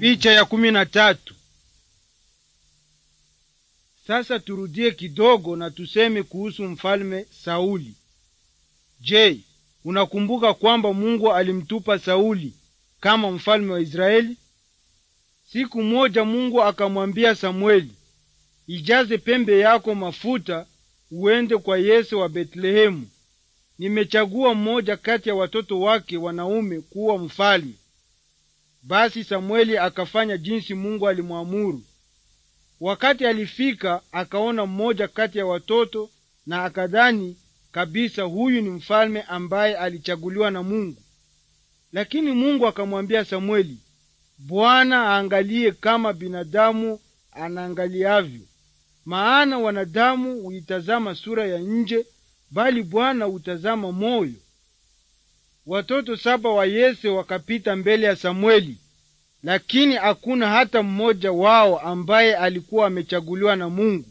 Picha ya kumi na tatu. Sasa turudie kidogo na tuseme kuhusu mfalme Sauli. Je, unakumbuka kwamba Mungu alimtupa Sauli kama mfalme wa Israeli? Siku moja Mungu akamwambia Samueli, ijaze pembe yako mafuta uende kwa Yese wa Betlehemu. Nimechagua mmoja kati ya watoto wake wanaume kuwa mfalme. Basi Samweli akafanya jinsi Mungu alimwamuru. Wakati alifika, akaona mmoja kati ya watoto na akadhani kabisa huyu ni mfalme ambaye alichaguliwa na Mungu. Lakini Mungu akamwambia Samweli, Bwana aangalie kama binadamu anaangaliavyo, maana wanadamu huitazama sura ya nje, bali Bwana hutazama moyo. Watoto saba wa Yese wakapita mbele ya Samueli, lakini hakuna hata mmoja wao ambaye alikuwa amechaguliwa na Mungu.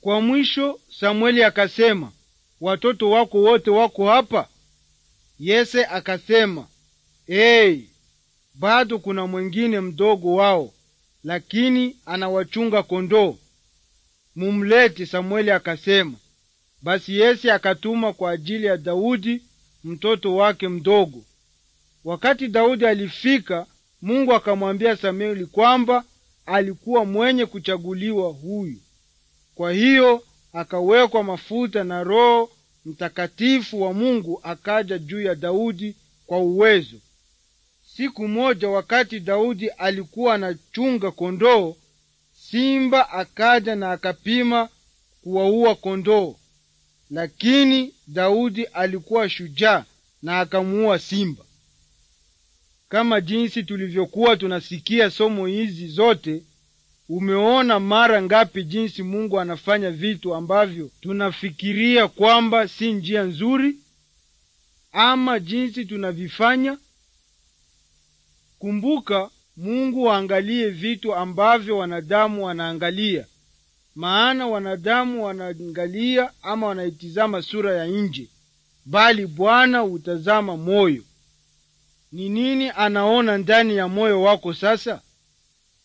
Kwa mwisho Samueli akasema, watoto wako wote wako hapa? Yese akasema, Hey, bado kuna mwingine mdogo wao, lakini anawachunga kondoo, mumlete. Samueli akasema. Basi Yese akatuma kwa ajili ya Daudi mtoto wake mdogo. Wakati Daudi alifika, Mungu akamwambia Samueli kwamba alikuwa mwenye kuchaguliwa huyu. Kwa hiyo akawekwa mafuta na Roho Mtakatifu wa Mungu akaja juu ya Daudi kwa uwezo. Siku moja wakati Daudi alikuwa anachunga kondoo, simba akaja na akapima kuwaua kondoo lakini Daudi alikuwa shujaa na akamuua simba. Kama jinsi tulivyokuwa tunasikia somo hizi zote, umeona mara ngapi jinsi Mungu anafanya vitu ambavyo tunafikiria kwamba si njia nzuri ama jinsi tunavifanya. Kumbuka, Mungu waangalie vitu ambavyo wanadamu wanaangalia maana wanadamu wanaangalia ama wanaitizama sura ya nje, bali Bwana hutazama moyo. Ni nini anaona ndani ya moyo wako sasa?